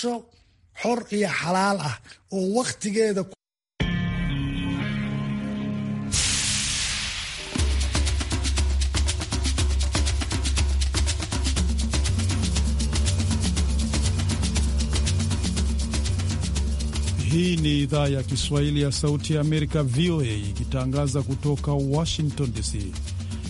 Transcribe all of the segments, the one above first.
xor iyo xalaal ah oo wakhtigeeda Hii ni idhaa ya Kiswahili ya Sauti ya Amerika, VOA, ikitangaza kutoka Washington DC.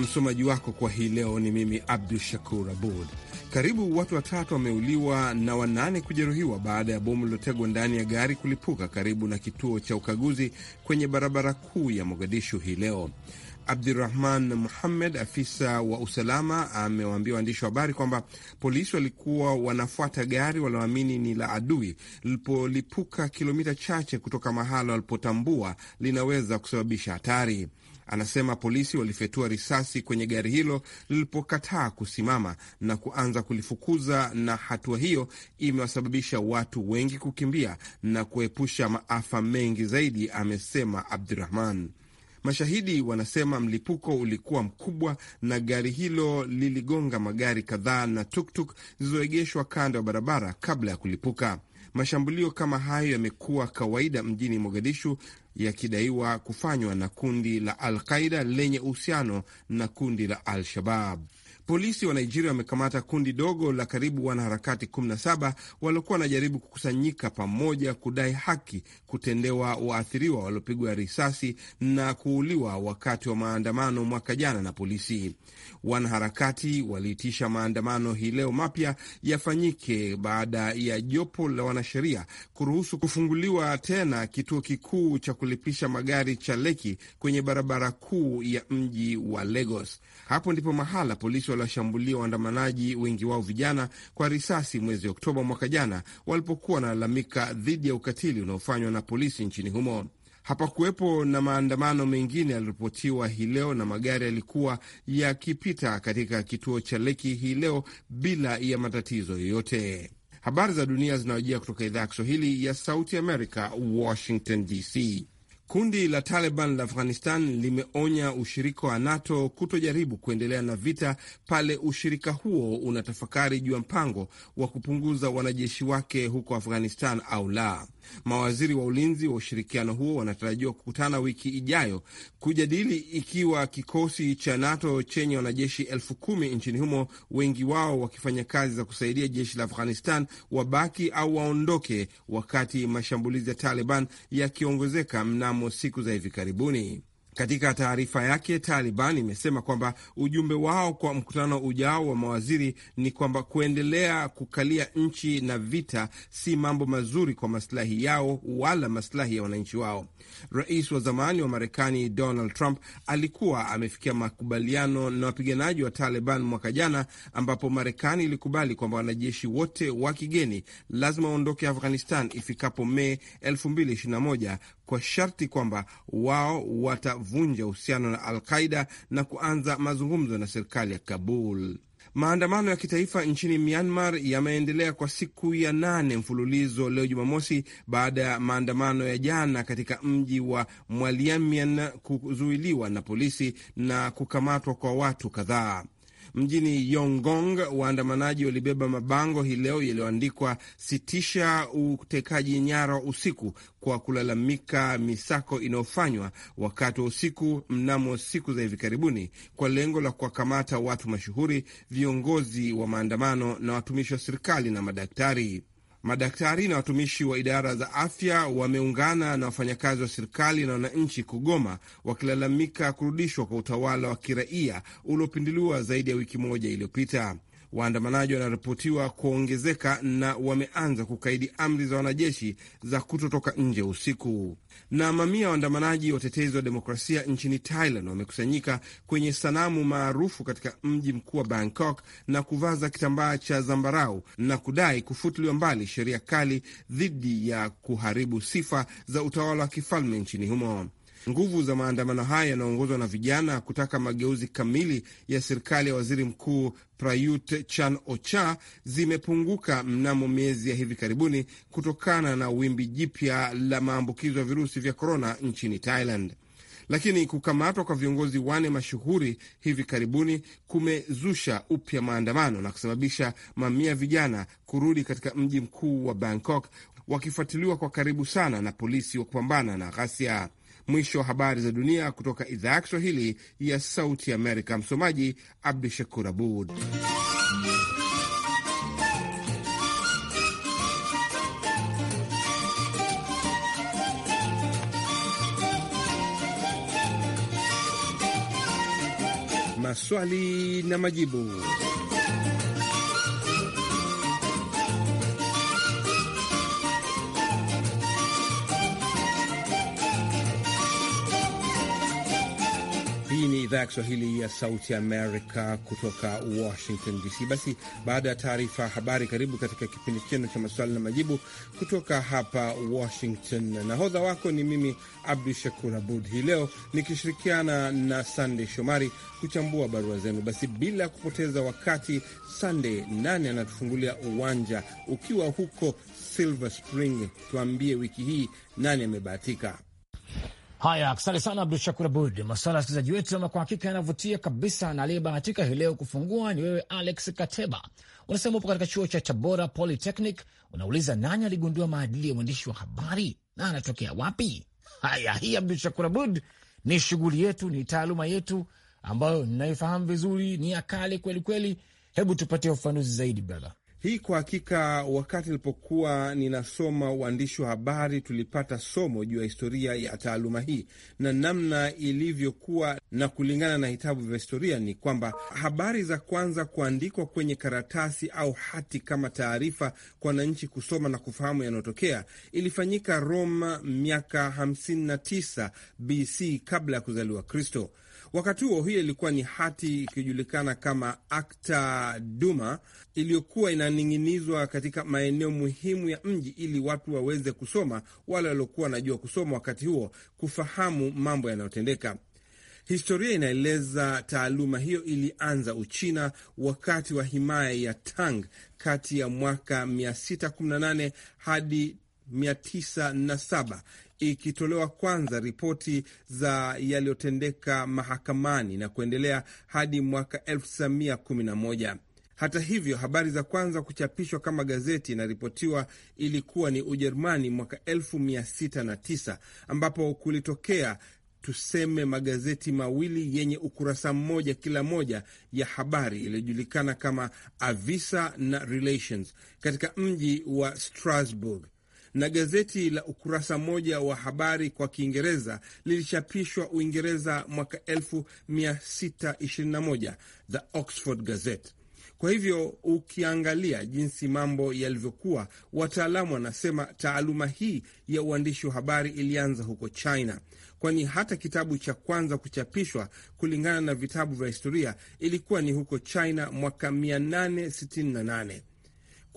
na msomaji wako kwa hii leo ni mimi Abdu Shakur Abud. Karibu watu watatu wameuliwa na wanane kujeruhiwa baada ya bomu lilotegwa ndani ya gari kulipuka karibu na kituo cha ukaguzi kwenye barabara kuu ya Mogadishu hii leo. Abdurahman Muhammed, afisa wa usalama, amewaambia waandishi wa habari kwamba polisi walikuwa wanafuata gari walioamini ni la adui lilipolipuka kilomita chache kutoka mahala walipotambua linaweza kusababisha hatari. Anasema polisi walifyatua risasi kwenye gari hilo lilipokataa kusimama na kuanza kulifukuza, na hatua hiyo imewasababisha watu wengi kukimbia na kuepusha maafa mengi zaidi, amesema Abdurahman. Mashahidi wanasema mlipuko ulikuwa mkubwa na gari hilo liligonga magari kadhaa na tuktuk zilizoegeshwa kando ya barabara kabla ya kulipuka. Mashambulio kama hayo yamekuwa kawaida mjini Mogadishu, yakidaiwa kufanywa na kundi la Al Qaida lenye uhusiano na kundi la Al-Shabab. Polisi wa Nigeria wamekamata kundi dogo la karibu wanaharakati 17 waliokuwa wanajaribu kukusanyika pamoja kudai haki kutendewa waathiriwa waliopigwa risasi na kuuliwa wakati wa maandamano mwaka jana na polisi. Wanaharakati waliitisha maandamano hii leo mapya yafanyike baada ya jopo la wanasheria kuruhusu kufunguliwa tena kituo kikuu cha kulipisha magari cha Leki kwenye barabara kuu ya mji wa Lagos. Hapo ndipo mahala polisi waliwashambulia waandamanaji, wengi wao vijana, kwa risasi mwezi Oktoba mwaka jana walipokuwa wanalalamika dhidi ya ukatili unaofanywa na polisi nchini humo. Hapakuwepo na maandamano mengine yaliripotiwa hii leo, na magari yalikuwa yakipita katika kituo cha Leki hii leo bila ya matatizo yoyote. Habari za dunia zinawajia kutoka idhaa ya Kiswahili ya Sauti Amerika, Washington DC. Kundi la Taliban la Afghanistan limeonya ushirika wa NATO kutojaribu kuendelea na vita pale ushirika huo unatafakari juu ya mpango wa kupunguza wanajeshi wake huko Afghanistan au la. Mawaziri wa ulinzi wa ushirikiano huo wanatarajiwa kukutana wiki ijayo kujadili ikiwa kikosi cha NATO chenye wanajeshi elfu kumi nchini humo, wengi wao wakifanya kazi za kusaidia jeshi la Afghanistan, wabaki au waondoke, wakati mashambulizi ya Taliban yakiongezeka mnamo siku za hivi karibuni. Katika taarifa yake, Taliban imesema kwamba ujumbe wao kwa mkutano ujao wa mawaziri ni kwamba kuendelea kukalia nchi na vita si mambo mazuri kwa masilahi yao wala masilahi ya wananchi wao. Rais wa zamani wa Marekani Donald Trump alikuwa amefikia makubaliano na wapiganaji wa Taliban mwaka jana, ambapo Marekani ilikubali kwamba wanajeshi wote wa kigeni lazima waondoke Afghanistan ifikapo Mei 2021 kwa sharti kwamba wao watavunja uhusiano na Alqaida na kuanza mazungumzo na serikali ya Kabul. Maandamano ya kitaifa nchini Myanmar yameendelea kwa siku ya nane mfululizo leo Jumamosi, baada ya maandamano ya jana katika mji wa Mwaliamian kuzuiliwa na polisi na kukamatwa kwa watu kadhaa mjini Yongong waandamanaji walibeba mabango hii leo yaliyoandikwa sitisha utekaji nyara usiku kwa kulalamika misako inayofanywa wakati wa usiku mnamo siku za hivi karibuni kwa lengo la kuwakamata watu mashuhuri, viongozi wa maandamano na watumishi wa serikali na madaktari. Madaktari na watumishi wa idara za afya wameungana na wafanyakazi wa serikali na wananchi kugoma, wakilalamika kurudishwa kwa utawala wa kiraia uliopinduliwa zaidi ya wiki moja iliyopita. Waandamanaji wanaripotiwa kuongezeka na wameanza kukaidi amri za wanajeshi za kutotoka nje usiku. Na mamia ya waandamanaji watetezi wa demokrasia nchini Thailand wamekusanyika kwenye sanamu maarufu katika mji mkuu wa Bangkok na kuvaza kitambaa cha zambarau na kudai kufutiliwa mbali sheria kali dhidi ya kuharibu sifa za utawala wa kifalme nchini humo. Nguvu za maandamano haya yanaongozwa na vijana kutaka mageuzi kamili ya serikali ya waziri mkuu Prayut Chan Ocha zimepunguka mnamo miezi ya hivi karibuni kutokana na wimbi jipya la maambukizo ya virusi vya korona nchini Thailand. Lakini kukamatwa kwa viongozi wane mashuhuri hivi karibuni kumezusha upya maandamano na kusababisha mamia vijana kurudi katika mji mkuu wa Bangkok wakifuatiliwa kwa karibu sana na polisi wa kupambana na ghasia. Mwisho wa habari za dunia kutoka idhaa ya Kiswahili ya Sauti Amerika. Msomaji Abdu Shakur Abud. Maswali na majibu. idhaa ya Kiswahili ya Sauti Amerika kutoka Washington DC. Basi baada ya taarifa ya habari, karibu katika kipindi chenu cha maswali na majibu kutoka hapa Washington. Nahodha wako ni mimi Abdu Shakur Abud, hii leo nikishirikiana na Sandey Shomari kuchambua barua zenu. Basi bila ya kupoteza wakati, Sandey, nani anatufungulia uwanja ukiwa huko Silver Spring? Tuambie wiki hii nani amebahatika. Haya, asante sana Abdu Shakur Abud. maswala ya wasikilizaji wetu ama kwa hakika yanavutia kabisa, na aliyebahatika hii leo kufungua ni wewe Alex Kateba. Unasema upo katika chuo cha Tabora Polytechnic, unauliza nani aligundua maadili ya mwandishi wa habari na anatokea wapi? Haya, hii Abdu Shakur Abud ni shughuli yetu, ni taaluma yetu ambayo naifahamu vizuri, ni ya kale kwelikweli. Hebu tupatie ufanuzi zaidi brother. Hii kwa hakika, wakati nilipokuwa ninasoma uandishi wa habari, tulipata somo juu ya historia ya taaluma hii na namna ilivyokuwa, na kulingana na vitabu vya historia ni kwamba habari za kwanza kuandikwa kwenye karatasi au hati kama taarifa kwa wananchi kusoma na kufahamu yanayotokea ilifanyika Roma miaka 59 BC kabla ya kuzaliwa Kristo. Wakati huo hiyo ilikuwa ni hati ikijulikana kama Akta Duma iliyokuwa inaning'inizwa katika maeneo muhimu ya mji ili watu waweze kusoma, wale waliokuwa wanajua kusoma wakati huo, kufahamu mambo yanayotendeka. Historia inaeleza taaluma hiyo ilianza Uchina wakati wa himaya ya Tang kati ya mwaka 618 hadi 97 ikitolewa kwanza ripoti za yaliyotendeka mahakamani na kuendelea hadi mwaka 1911. Hata hivyo, habari za kwanza kuchapishwa kama gazeti inaripotiwa ilikuwa ni Ujerumani mwaka 1609 ambapo kulitokea tuseme magazeti mawili yenye ukurasa mmoja kila moja ya habari iliyojulikana kama Avisa na Relations katika mji wa Strasbourg na gazeti la ukurasa mmoja wa habari kwa Kiingereza lilichapishwa Uingereza mwaka 1621 The Oxford Gazette. Kwa hivyo ukiangalia jinsi mambo yalivyokuwa, wataalamu wanasema taaluma hii ya uandishi wa habari ilianza huko China, kwani hata kitabu cha kwanza kuchapishwa kulingana na vitabu vya historia ilikuwa ni huko China mwaka 868.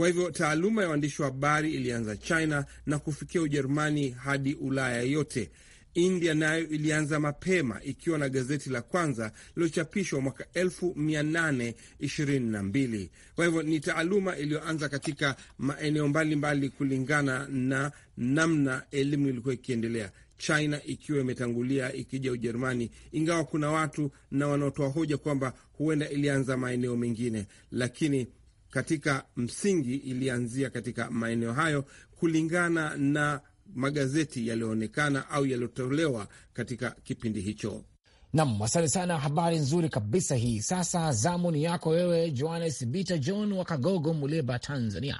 Kwa hivyo taaluma ya waandishi wa habari ilianza China na kufikia Ujerumani hadi Ulaya yote. India nayo ilianza mapema ikiwa na gazeti la kwanza lilochapishwa mwaka 1822. Kwa hivyo ni taaluma iliyoanza katika maeneo mbalimbali kulingana na namna elimu ilikuwa ikiendelea, China ikiwa imetangulia ikija Ujerumani, ingawa kuna watu na wanaotoa hoja kwamba huenda ilianza maeneo mengine, lakini katika msingi ilianzia katika maeneo hayo kulingana na magazeti yaliyoonekana au yaliyotolewa katika kipindi hicho. Nam, asante sana, habari nzuri kabisa hii. Sasa zamu ni yako wewe, Johannes Bita John wa Kagogo, Muleba, Tanzania.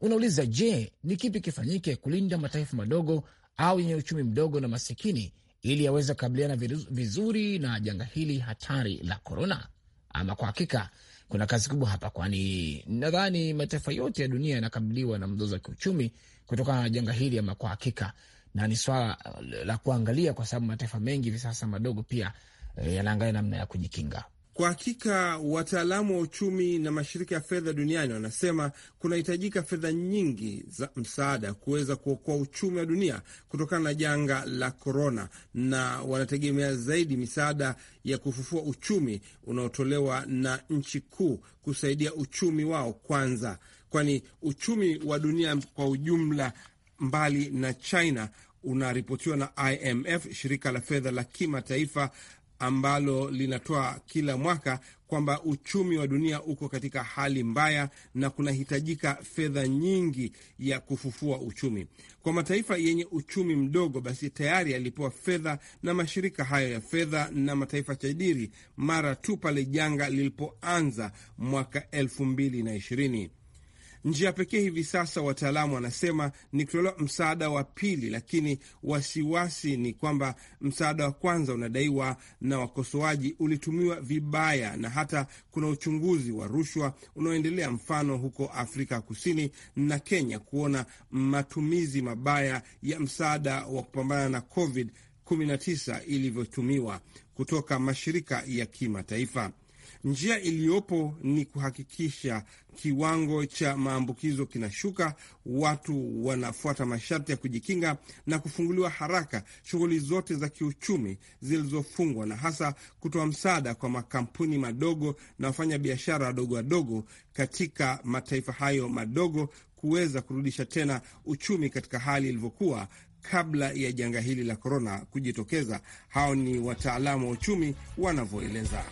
Unauliza, je, ni kipi kifanyike kulinda mataifa madogo au yenye uchumi mdogo na masikini ili yaweze kukabiliana vizuri na janga hili hatari la korona? Ama kwa hakika kuna kazi kubwa hapa, kwani nadhani mataifa yote ya dunia yanakabiliwa na mzozo wa kiuchumi kutokana na janga hili, ama kwa hakika, na ni swala la kuangalia, kwa sababu mataifa mengi hivi sasa madogo pia eh, yanaangalia namna ya kujikinga. Kwa hakika wataalamu wa uchumi na mashirika ya fedha duniani wanasema kunahitajika fedha nyingi za msaada kuweza kuokoa uchumi wa dunia kutokana na janga la korona, na wanategemea zaidi misaada ya kufufua uchumi unaotolewa na nchi kuu kusaidia uchumi wao kwanza, kwani uchumi wa dunia kwa ujumla, mbali na China, unaripotiwa na IMF, shirika la fedha la kimataifa ambalo linatoa kila mwaka kwamba uchumi wa dunia uko katika hali mbaya na kunahitajika fedha nyingi ya kufufua uchumi. Kwa mataifa yenye uchumi mdogo, basi tayari yalipewa fedha na mashirika hayo ya fedha na mataifa tajiri mara tu pale janga lilipoanza mwaka elfu mbili na ishirini. Njia pekee hivi sasa, wataalamu wanasema ni kutolewa msaada wa pili, lakini wasiwasi ni kwamba msaada wa kwanza unadaiwa na wakosoaji ulitumiwa vibaya, na hata kuna uchunguzi wa rushwa unaoendelea, mfano huko Afrika Kusini na Kenya, kuona matumizi mabaya ya msaada wa kupambana na COVID 19 ilivyotumiwa kutoka mashirika ya kimataifa. Njia iliyopo ni kuhakikisha kiwango cha maambukizo kinashuka, watu wanafuata masharti ya kujikinga na kufunguliwa haraka shughuli zote za kiuchumi zilizofungwa, na hasa kutoa msaada kwa makampuni madogo na wafanya biashara wadogo wadogo katika mataifa hayo madogo kuweza kurudisha tena uchumi katika hali ilivyokuwa kabla ya janga hili la korona kujitokeza. Hao ni wataalamu wa uchumi wanavyoeleza.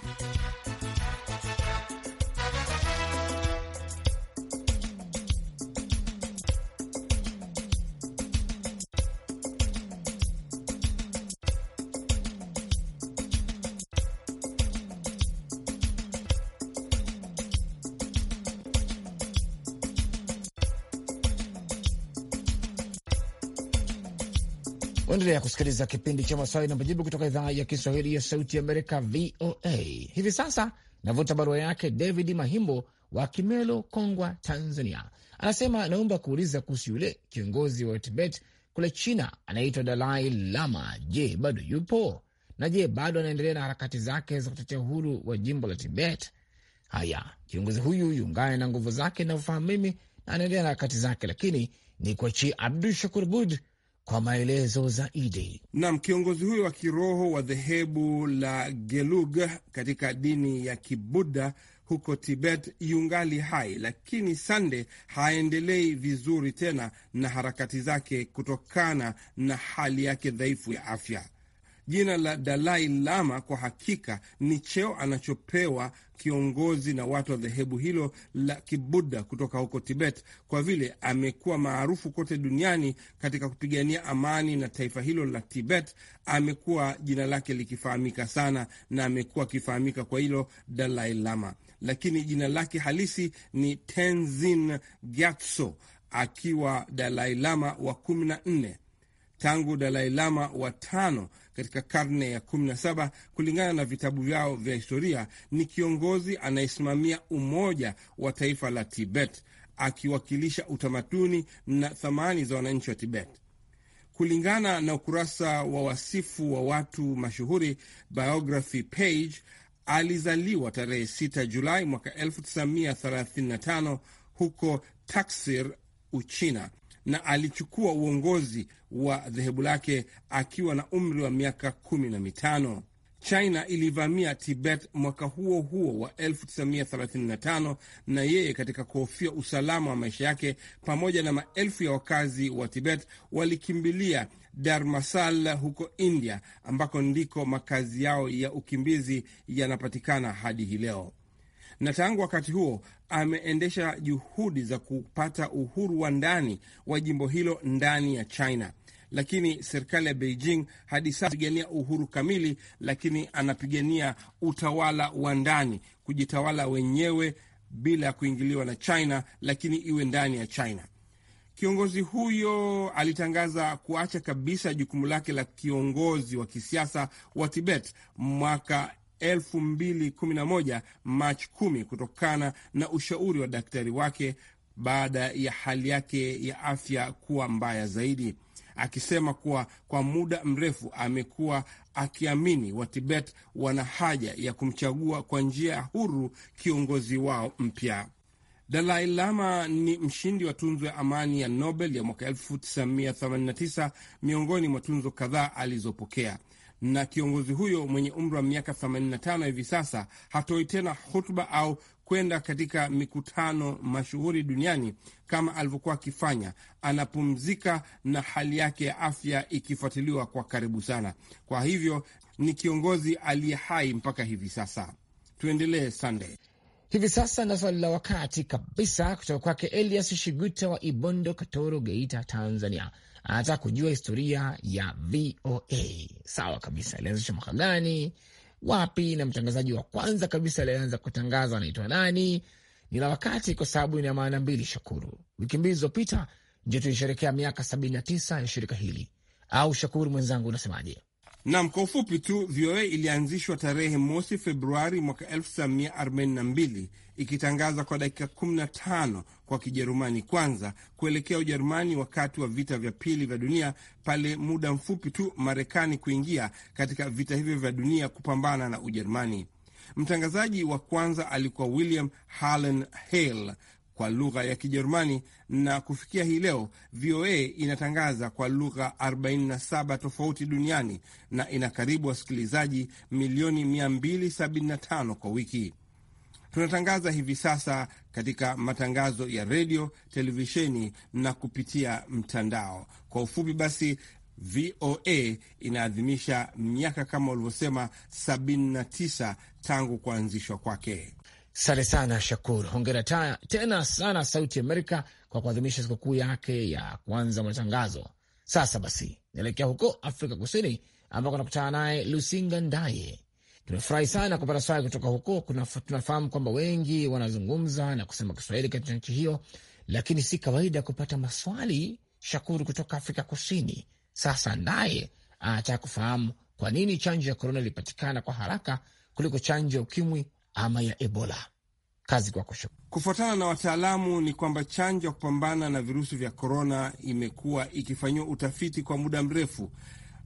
Uendelea kusikiliza kipindi cha maswali na majibu kutoka idhaa ya Kiswahili ya Sauti ya Amerika, VOA. Hivi sasa navuta barua yake David Mahimbo wa Kimelo, Kongwa, Tanzania. Anasema anaomba kuuliza kuhusu yule kiongozi wa Tibet kule China anaitwa Dalai Lama. Je, bado yupo na je, bado anaendelea na harakati zake za kutetea uhuru wa jimbo la Tibet? Haya, kiongozi huyu yungane na nguvu zake, navyofahamu mimi, na anaendelea na harakati zake, lakini ni kuachia Abdu Shakur Bud kwa maelezo zaidi. Nam kiongozi huyo wa kiroho wa dhehebu la Gelug katika dini ya kibudda huko Tibet yungali hai, lakini Sande haendelei vizuri tena na harakati zake kutokana na hali yake dhaifu ya afya. Jina la Dalai Lama kwa hakika ni cheo anachopewa kiongozi na watu wa dhehebu hilo la kibuda kutoka huko Tibet, kwa vile amekuwa maarufu kote duniani katika kupigania amani na taifa hilo la Tibet. Amekuwa jina lake likifahamika sana na amekuwa akifahamika kwa hilo Dalai Lama, lakini jina lake halisi ni Tenzin Gyatso, akiwa Dalai Lama wa kumi na nne tangu Dalai Lama wa tano katika karne ya 17 kulingana na vitabu vyao vya historia, ni kiongozi anayesimamia umoja wa taifa la Tibet akiwakilisha utamaduni na thamani za wananchi wa Tibet. Kulingana na ukurasa wa wasifu wa watu mashuhuri biography page, alizaliwa tarehe 6 Julai mwaka 1935 huko Taksir, Uchina na alichukua uongozi wa dhehebu lake akiwa na umri wa miaka kumi na mitano. China ilivamia Tibet mwaka huo huo wa 1935 na yeye, katika kuhofia usalama wa maisha yake, pamoja na maelfu ya wakazi wa Tibet walikimbilia Darmasal huko India, ambako ndiko makazi yao ya ukimbizi yanapatikana hadi hii leo na tangu wakati huo ameendesha juhudi za kupata uhuru wa ndani wa jimbo hilo ndani ya China, lakini serikali ya Beijing hadi sasa pigania uhuru kamili, lakini anapigania utawala wa ndani, kujitawala wenyewe bila ya kuingiliwa na China, lakini iwe ndani ya China. Kiongozi huyo alitangaza kuacha kabisa jukumu lake la kiongozi wa kisiasa wa Tibet mwaka 2011 Machi 10 kutokana na ushauri wa daktari wake baada ya hali yake ya afya kuwa mbaya zaidi, akisema kuwa kwa muda mrefu amekuwa akiamini Watibet wana haja ya kumchagua kwa njia ya huru kiongozi wao mpya. Dalai Lama ni mshindi wa tunzo ya amani ya Nobel ya mwaka 1989 miongoni mwa tunzo kadhaa alizopokea na kiongozi huyo mwenye umri wa miaka 85 hivi sasa hatoi tena hutuba au kwenda katika mikutano mashuhuri duniani kama alivyokuwa akifanya. Anapumzika na hali yake ya afya ikifuatiliwa kwa karibu sana. Kwa hivyo ni kiongozi aliye hai mpaka hivi sasa. Tuendelee Sunday. Hivi sasa na swali la wakati kabisa kutoka kwake Elias Shiguta wa Ibondo, Katoro, Geita, Tanzania anataka kujua historia ya VOA. Sawa kabisa, ilianzishwa mwaka gani, wapi, na mtangazaji wa kwanza kabisa alianza kutangaza anaitwa nani? Ni la wakati kwa sababu ina maana mbili, Shakuru. Wiki mbili zilizopita ndio tulisherekea miaka sabini na tisa ya shirika hili, au Shakuru mwenzangu, unasemaje? Nam, kwa ufupi tu, VOA ilianzishwa tarehe mosi Februari mwaka 1942 ikitangaza kwa dakika 15 kwa Kijerumani kwanza kuelekea Ujerumani wakati wa vita vya pili vya dunia, pale muda mfupi tu Marekani kuingia katika vita hivyo vya dunia kupambana na Ujerumani. Mtangazaji wa kwanza alikuwa William Harlan Hale kwa lugha ya Kijerumani na kufikia hii leo VOA inatangaza kwa lugha 47 tofauti duniani na ina karibu wasikilizaji milioni 275 kwa wiki. Tunatangaza hivi sasa katika matangazo ya redio, televisheni na kupitia mtandao. Kwa ufupi basi, VOA inaadhimisha miaka kama ulivyosema 79 tangu kuanzishwa kwake. Sante sana Shakur, hongera tena sana Sauti Amerika kwa kuadhimisha sikukuu yake ya kwanza matangazo. Sasa basi, naelekea huko Afrika Kusini ambako anakutana naye Lusinga Ndaye. Tumefurahi sana kupata swali kutoka huko. Tunafahamu kwamba wengi wanazungumza na kusema Kiswahili katika nchi hiyo, lakini si kawaida kupata maswali Shakuru kutoka Afrika Kusini. Sasa Ndaye anataka kufahamu kwa nini chanjo ya korona ilipatikana kwa haraka kuliko chanjo ya ukimwi ama ya Ebola. Kazi kwako. Kufuatana na wataalamu, ni kwamba chanjo ya kupambana na virusi vya korona imekuwa ikifanyiwa utafiti kwa muda mrefu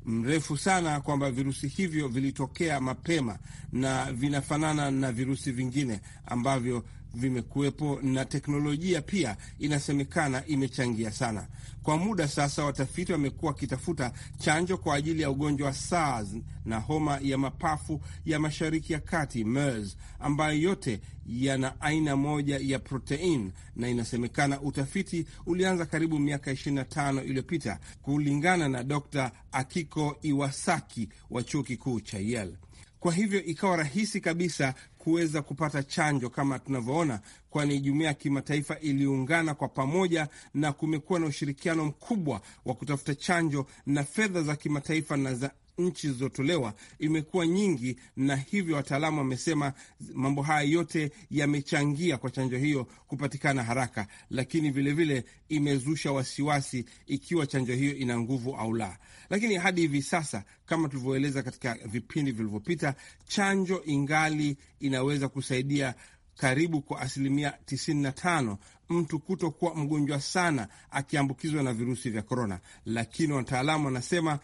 mrefu sana, kwamba virusi hivyo vilitokea mapema na vinafanana na virusi vingine ambavyo vimekuwepo na teknolojia pia inasemekana imechangia sana. Kwa muda sasa, watafiti wamekuwa wakitafuta chanjo kwa ajili ya ugonjwa wa SARS na homa ya mapafu ya mashariki ya kati MERS, ambayo yote yana aina moja ya protein na inasemekana utafiti ulianza karibu miaka 25 iliyopita, kulingana na Dr Akiko Iwasaki wa chuo kikuu cha Yale. Kwa hivyo ikawa rahisi kabisa kuweza kupata chanjo kama tunavyoona, kwani jumuiya ya kimataifa iliungana kwa pamoja na kumekuwa na ushirikiano mkubwa wa kutafuta chanjo na fedha za kimataifa na za nchi zilizotolewa imekuwa nyingi, na hivyo wataalamu wamesema mambo haya yote yamechangia kwa chanjo hiyo kupatikana haraka, lakini vilevile vile imezusha wasiwasi ikiwa chanjo hiyo ina nguvu au la. Lakini hadi hivi sasa, kama tulivyoeleza katika vipindi vilivyopita, chanjo ingali inaweza kusaidia karibu kwa asilimia 95 mtu kutokuwa mgonjwa sana akiambukizwa na virusi vya korona, lakini wataalamu wanasema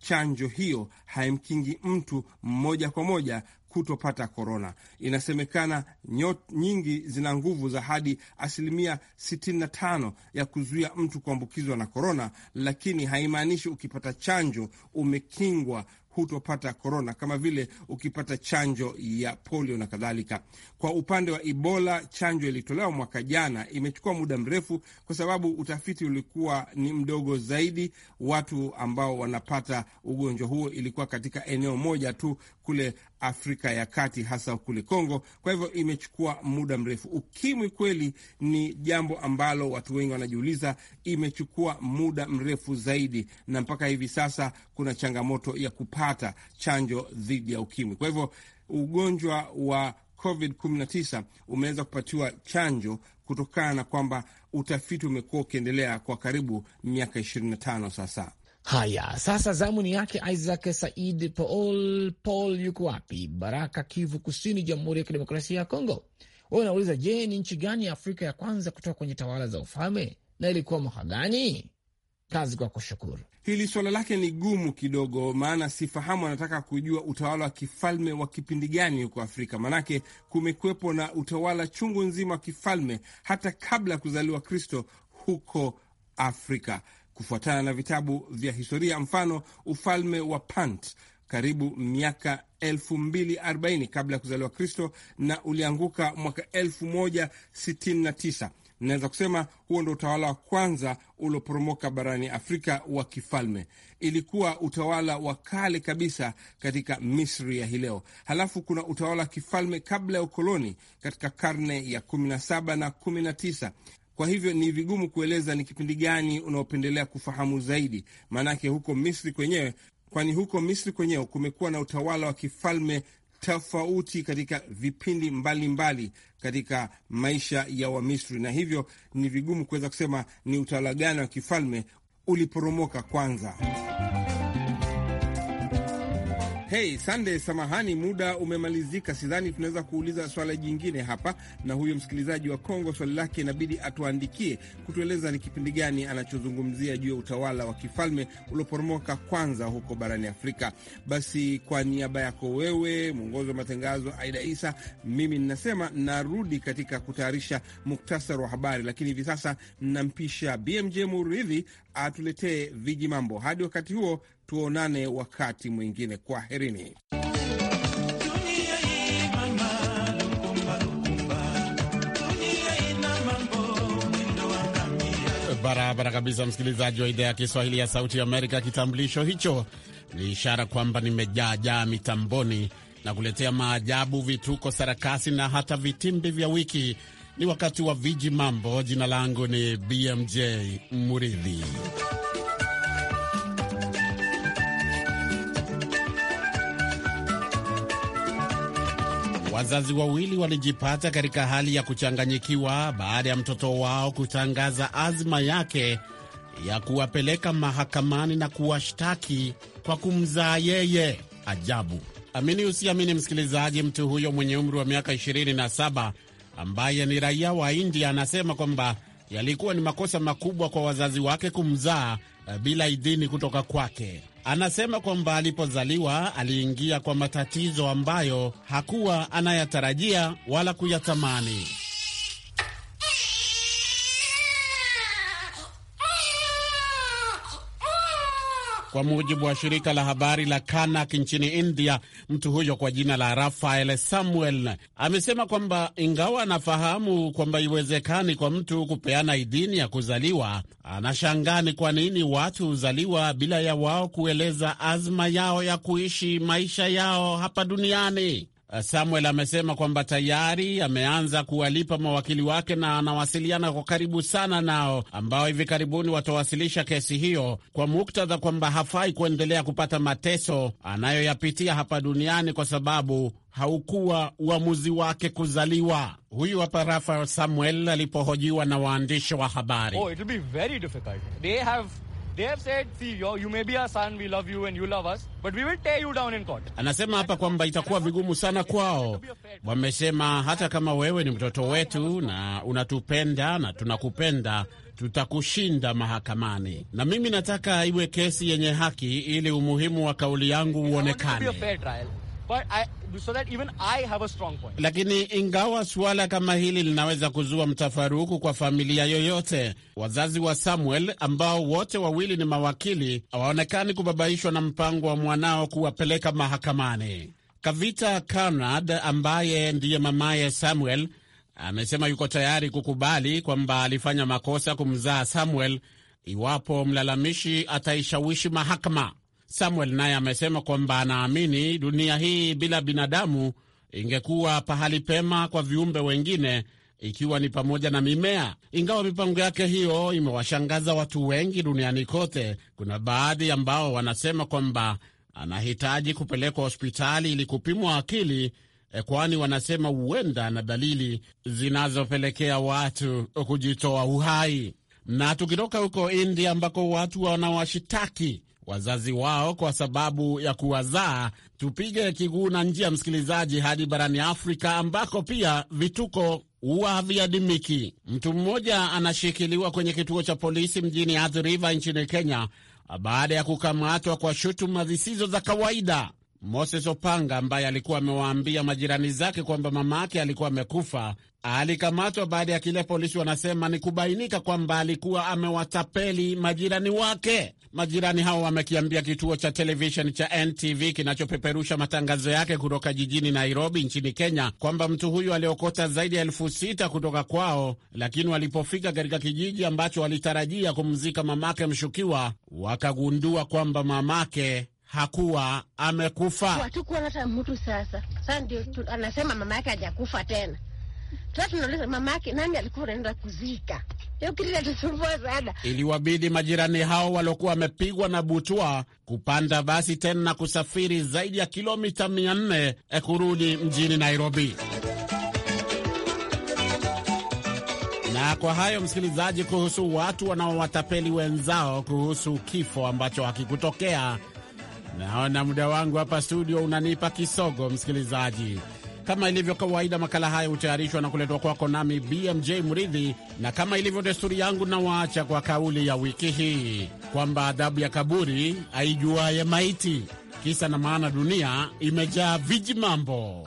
chanjo hiyo haimkingi mtu mmoja kwa moja kutopata korona. Inasemekana nyot nyingi zina nguvu za hadi asilimia 65 ya kuzuia mtu kuambukizwa na korona, lakini haimaanishi ukipata chanjo umekingwa hutopata korona, kama vile ukipata chanjo ya polio na kadhalika. Kwa upande wa Ebola, chanjo ilitolewa mwaka jana, imechukua muda mrefu kwa sababu utafiti ulikuwa ni mdogo zaidi. Watu ambao wanapata ugonjwa huo ilikuwa katika eneo moja tu kule Afrika ya Kati, hasa kule Kongo. Kwa hivyo imechukua muda mrefu. Ukimwi kweli ni jambo ambalo watu wengi wanajiuliza, imechukua muda mrefu zaidi, na mpaka hivi sasa kuna changamoto ya kupata chanjo dhidi ya ukimwi. Kwa hivyo ugonjwa wa COVID-19 umeweza kupatiwa chanjo kutokana na kwamba utafiti umekuwa ukiendelea kwa karibu miaka 25 sasa. Haya, sasa zamu ni yake Isaac Said Paul. Paul yuko wapi? Baraka, Kivu Kusini, Jamhuri ya Kidemokrasia ya Kongo. Wewe unauliza, je, ni nchi gani ya Afrika ya kwanza kutoka kwenye tawala za ufalme na ilikuwa mwaka gani? Kazi kwa kushukuru. Hili suala lake ni gumu kidogo, maana sifahamu anataka kujua utawala wa kifalme wa kipindi gani huko Afrika. Maanake kumekuwepo na utawala chungu nzima wa kifalme hata kabla ya kuzaliwa Kristo huko Afrika kufuatana na vitabu vya historia, mfano ufalme wa Punt karibu miaka 240 kabla ya kuzaliwa Kristo na ulianguka mwaka 1069. Naweza kusema huo ndo utawala wa kwanza ulioporomoka barani Afrika wa kifalme. Ilikuwa utawala wa kale kabisa katika Misri ya hileo Halafu kuna utawala wa kifalme kabla ya ukoloni katika karne ya 17 na 19, kwa hivyo ni vigumu kueleza ni kipindi gani unaopendelea kufahamu zaidi, maanake huko Misri kwenyewe, kwani huko Misri kwenyewe kumekuwa na utawala wa kifalme tofauti katika vipindi mbalimbali mbali katika maisha ya Wamisri, na hivyo ni vigumu kuweza kusema ni utawala gani wa kifalme uliporomoka kwanza. Hey, Sunday, samahani, muda umemalizika. Sidhani tunaweza kuuliza swala jingine hapa, na huyo msikilizaji wa Kongo swali lake inabidi atuandikie kutueleza ni kipindi gani anachozungumzia juu ya utawala wa kifalme ulioporomoka kwanza huko barani Afrika. Basi kwa niaba yako wewe, mwongozi wa matangazo Aida Isa, mimi ninasema narudi katika kutayarisha muktasari wa habari, lakini hivi sasa nampisha BMJ Muridhi atuletee viji mambo. Hadi wakati huo Tuonane wakati mwingine, kwaherini. Barabara kabisa, msikilizaji wa idhaa ya Kiswahili ya Sauti ya Amerika. Kitambulisho hicho ni ishara kwamba nimejaajaa mitamboni na kuletea maajabu, vituko, sarakasi na hata vitimbi vya wiki. Ni wakati wa viji mambo. Jina langu ni BMJ Muridhi. Wazazi wawili walijipata katika hali ya kuchanganyikiwa baada ya mtoto wao kutangaza azma yake ya kuwapeleka mahakamani na kuwashtaki kwa kumzaa yeye. Ajabu! Amini usiamini, msikilizaji, mtu huyo mwenye umri wa miaka 27 ambaye ni raia wa India anasema kwamba yalikuwa ni makosa makubwa kwa wazazi wake kumzaa eh, bila idhini kutoka kwake. Anasema kwamba alipozaliwa aliingia kwa matatizo ambayo hakuwa anayatarajia wala kuyatamani. Kwa mujibu wa shirika la habari la Kanak nchini India, mtu huyo kwa jina la Rafael Samuel amesema kwamba ingawa anafahamu kwamba iwezekani kwa mtu kupeana idhini ya kuzaliwa, anashangaa ni kwa nini watu huzaliwa bila ya wao kueleza azma yao ya kuishi maisha yao hapa duniani. Samuel amesema kwamba tayari ameanza kuwalipa mawakili wake na anawasiliana kwa karibu sana nao, ambao hivi karibuni watawasilisha kesi hiyo kwa muktadha kwamba hafai kuendelea kupata mateso anayoyapitia hapa duniani kwa sababu haukuwa uamuzi wake kuzaliwa. Huyu hapa Rafael Samuel alipohojiwa na waandishi wa habari. Oh, Anasema hapa kwamba itakuwa vigumu sana kwao. Wamesema hata kama wewe ni mtoto wetu na unatupenda na tunakupenda, tutakushinda mahakamani. Na mimi nataka iwe kesi yenye haki, ili umuhimu wa kauli yangu uonekane. Lakini ingawa suala kama hili linaweza kuzua mtafaruku kwa familia yoyote, wazazi wa Samuel ambao wote wawili ni mawakili hawaonekani kubabaishwa na mpango wa mwanao kuwapeleka mahakamani. Kavita Conrad ambaye ndiye mamaye Samuel amesema yuko tayari kukubali kwamba alifanya makosa kumzaa Samuel iwapo mlalamishi ataishawishi mahakama. Samuel naye amesema kwamba anaamini dunia hii bila binadamu ingekuwa pahali pema kwa viumbe wengine ikiwa ni pamoja na mimea. Ingawa mipango yake hiyo imewashangaza watu wengi duniani kote, kuna baadhi ambao wanasema kwamba anahitaji kupelekwa hospitali ili kupimwa akili, eh, kwani wanasema huenda na dalili zinazopelekea watu kujitoa uhai. Na tukitoka huko India ambako watu wanawashitaki wazazi wao kwa sababu ya kuwazaa. Tupige kiguu na njia, msikilizaji, hadi barani Afrika ambako pia vituko huwa haviadimiki. Mtu mmoja anashikiliwa kwenye kituo cha polisi mjini Athi River nchini Kenya baada ya kukamatwa kwa shutuma zisizo za kawaida. Moses Opanga ambaye alikuwa amewaambia majirani zake kwamba mama yake alikuwa amekufa, alikamatwa baada ya kile polisi wanasema ni kubainika kwamba alikuwa amewatapeli majirani wake. Majirani hao wamekiambia kituo cha televisheni cha NTV kinachopeperusha matangazo yake kutoka jijini Nairobi nchini Kenya kwamba mtu huyu aliokota zaidi ya elfu sita kutoka kwao, lakini walipofika katika kijiji ambacho walitarajia kumzika mamake mshukiwa, wakagundua kwamba mamake hakuwa amekufa. Hatukuona hata mtu. Sasa sasa ndio anasema mama yake hajakufa tena. Sasa tunauliza mama yake nani alikuwa anaenda kuzika? Iliwabidi majirani hao waliokuwa wamepigwa na butwa kupanda basi tena na kusafiri zaidi ya kilomita 400 e, kurudi mjini Nairobi. Na kwa hayo, msikilizaji, kuhusu watu wanaowatapeli wenzao kuhusu kifo ambacho hakikutokea Naona muda wangu hapa studio unanipa kisogo, msikilizaji. Kama ilivyo kawaida, makala haya hutayarishwa na kuletwa kwako nami BMJ Mridhi, na kama ilivyo desturi yangu, nawaacha kwa kauli ya wiki hii kwamba adhabu ya kaburi aijuaye maiti. Kisa na maana, dunia imejaa viji mambo. Oh,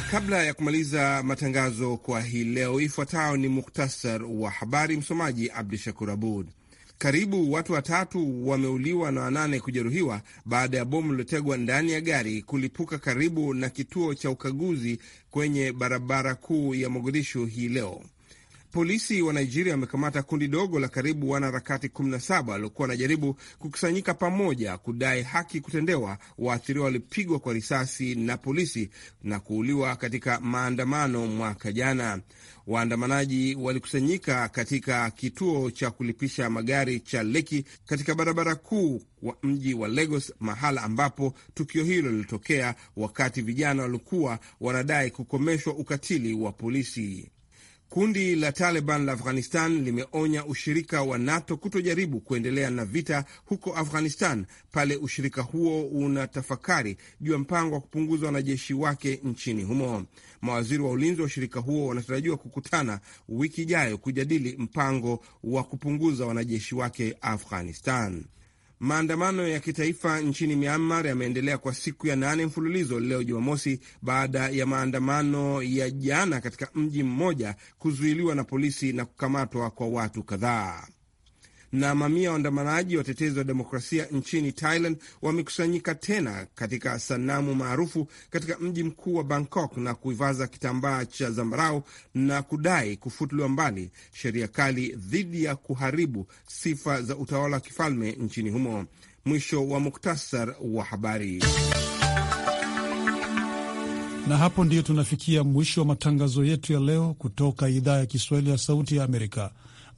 Na kabla ya kumaliza matangazo kwa hii leo, ifuatayo ni muktasar wa habari. Msomaji Abdu Shakur Abud. Karibu watu watatu wameuliwa na wanane kujeruhiwa baada ya bomu lilotegwa ndani ya gari kulipuka karibu na kituo cha ukaguzi kwenye barabara kuu ya Mogadishu hii leo. Polisi wa Nigeria wamekamata kundi dogo la karibu wanaharakati 17 waliokuwa wanajaribu kukusanyika pamoja kudai haki kutendewa. Waathiriwa walipigwa kwa risasi na polisi na kuuliwa katika maandamano mwaka jana. Waandamanaji walikusanyika katika kituo cha kulipisha magari cha Leki katika barabara kuu wa mji wa Lagos, mahala ambapo tukio hilo lilitokea, wakati vijana walikuwa wanadai kukomeshwa ukatili wa polisi. Kundi la Taliban la Afghanistan limeonya ushirika wa NATO kutojaribu kuendelea na vita huko Afghanistan pale ushirika huo unatafakari juu ya mpango wa kupunguza wanajeshi wake nchini humo. Mawaziri wa ulinzi wa ushirika huo wanatarajiwa kukutana wiki ijayo kujadili mpango wa kupunguza wanajeshi wake Afghanistan. Maandamano ya kitaifa nchini Myanmar yameendelea kwa siku ya nane mfululizo leo Jumamosi, baada ya maandamano ya jana katika mji mmoja kuzuiliwa na polisi na kukamatwa kwa watu kadhaa na mamia waandamanaji watetezi wa demokrasia nchini Thailand wamekusanyika tena katika sanamu maarufu katika mji mkuu wa Bangkok na kuivaza kitambaa cha zambarau na kudai kufutuliwa mbali sheria kali dhidi ya kuharibu sifa za utawala wa kifalme nchini humo. Mwisho wa muktasar wa habari. Na hapo ndiyo tunafikia mwisho wa matangazo yetu ya leo kutoka idhaa ya Kiswahili ya Sauti ya Amerika.